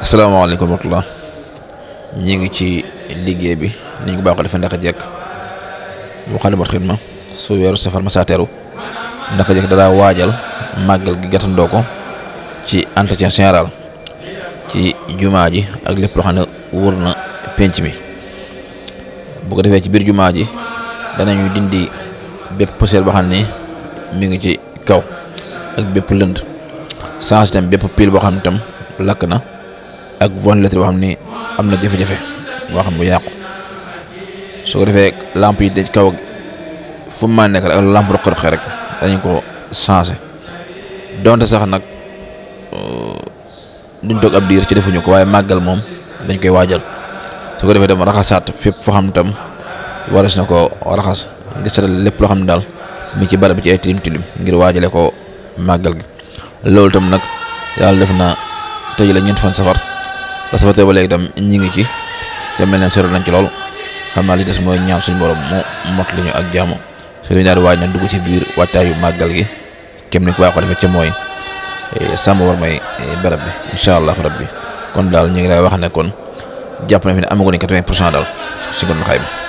asalaamaaleykum wa rahmatulah ñu ngi ci liggéey bi ni ñu ko baaxoo defee ndaka jekk Moukhaddamatoul Khidma su weeru safar ma saa ndaka jekk dadaa waajal màggal gi gàttandoo ko ci entretien général ci jumaa ji ak lépp loo xam ne wër na penc mi bu ko defee ci biir jumaa ji danañu dindi bépp poussière boo xam ne mu ngi ci kaw. ak bépp lënd change tam bépp pile boo xam ne tam lakk na ak von lettre boo xam ni am na jafe-jafe boo xam bu yàqu su ko defee làmp yi dañ kaw fu maa nekk rek ak lampe roq-roqee rek dañu ko changé donte sax nag euh, duñ toog ab diir ci defuñu ko waaye màggal moom dañ koy waajal su ko defee dem raxasaat fépp foo xam tam waras na ko raxas ngir seetal lépp loo xam ne daal mu ci barab bi ci ay tilim tilim ngir waajale ko màggal gi loolu itam nag yàlla def na tey la ñeenti fan safar la safar ba léegi itam ñi ngi ci ca mel ne soro nañ ci lool xam naa li des mooy ñaan suñu borom mu mot li ñu ak jaamu suñu daal waaj na dugg ci biir waajtaayu màggal gi kem ni ko waa ko defee ca mooy eh, sàmm war may eh, barab bi incha allah bi kon daal ñu ngi lay wax nekkoon kon jàpp na fi ne amaguñ 80 pour cent daal si